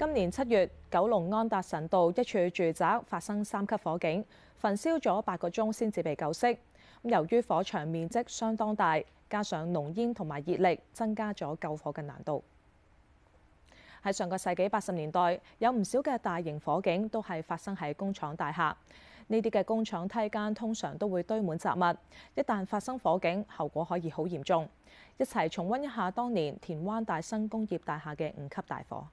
今年七月，九龍安達臣道一處住宅發生三級火警，焚燒咗八個鐘先至被救熄。由於火場面積相當大，加上濃煙同埋熱力，增加咗救火嘅難度。喺上個世紀八十年代，有唔少嘅大型火警都係發生喺工廠大廈。呢啲嘅工廠梯間通常都會堆滿雜物，一旦發生火警，後果可以好嚴重。一齊重溫一下當年田灣大生工業大廈嘅五級大火。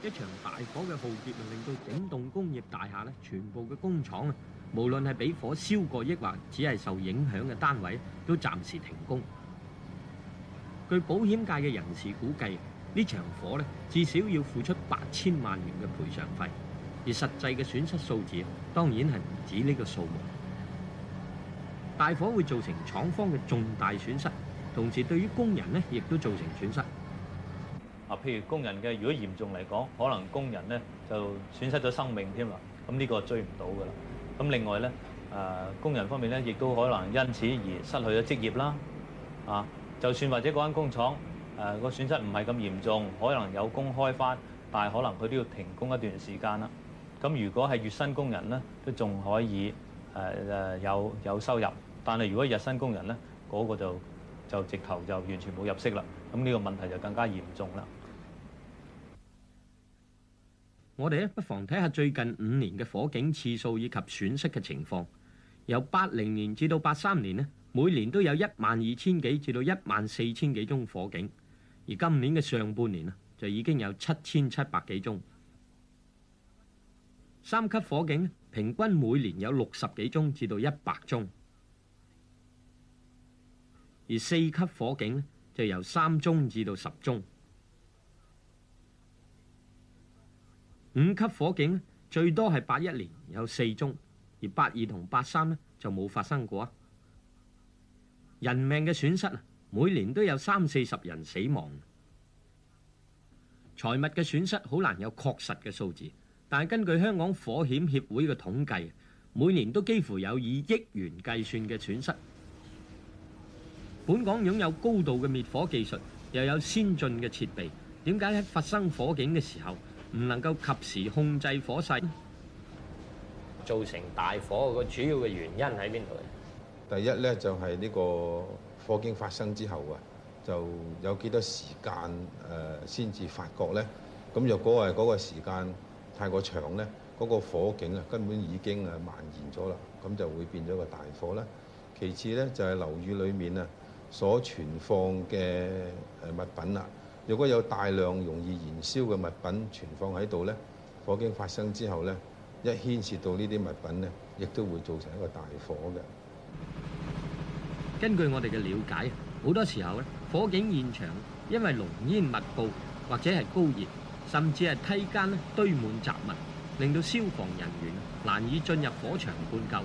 一場大火嘅浩劫令到整棟工業大廈咧，全部嘅工廠啊，無論係俾火燒過抑或只係受影響嘅單位，都暫時停工。據保險界嘅人士估計，呢場火咧，至少要付出八千萬元嘅賠償費，而實際嘅損失數字當然係唔止呢個數目。大火會造成廠方嘅重大損失，同時對於工人咧亦都造成損失。啊，譬如工人嘅，如果嚴重嚟講，可能工人咧就損失咗生命添啦。咁、啊、呢、呢個追唔到噶啦。咁、啊、另外咧，誒、呃、工人方面咧，亦都可能因此而失去咗職業啦。啊，就算或者嗰間工廠誒個損失唔係咁嚴重，可能有工開返，但係可能佢都要停工一段時間啦。咁、啊、如果係月薪工人咧，都仲可以誒、呃、有有收入，但係如果日薪工人咧，嗰、嗰個就就直頭就，就，就，就完全冇入息啦。咁、啊、呢、呢個問題就更加嚴重啦。我哋不妨睇下最近五年嘅火警次數以及損失嘅情況，由八零年至到八三年呢，每年都有一萬二千幾至到一萬四千幾宗火警，而今年嘅上半年啊就已經有七千七百幾宗。三級火警平均每年有六十幾宗至到一百宗，而四級火警就由三宗至到十宗。五級火警最多係八一年有四宗，而八二同八三就冇發生過啊！人命嘅損失每年都有三四十人死亡，財物嘅損失好難有確實嘅數字，但根據香港火險協會嘅統計，每年都幾乎有以億元計算嘅損失。本港擁有高度嘅滅火技術，又有先進嘅設備，點解喺發生火警嘅時候，唔能夠及時控制火勢，造成大火個主要嘅原因喺邊度咧？第一咧，就係呢個火警發生之後啊，就有幾多時間誒先至發覺咧？咁若果係嗰個時間太過長咧，嗰個火警啊根本已經誒蔓延咗啦，咁就會變咗個大火啦。其次咧，就係樓宇裏面啊所存放嘅誒物品啊。如果有大量容易燃燒嘅物品存放喺度，呢火警發生之後呢，一牽涉到呢啲物品呢，亦都會造成一個大火嘅。根據我哋嘅了解，好多時候呢火警現場因為濃煙密布，或者係高熱，甚至係梯間堆滿雜物，令到消防人員難以進入火場灌救。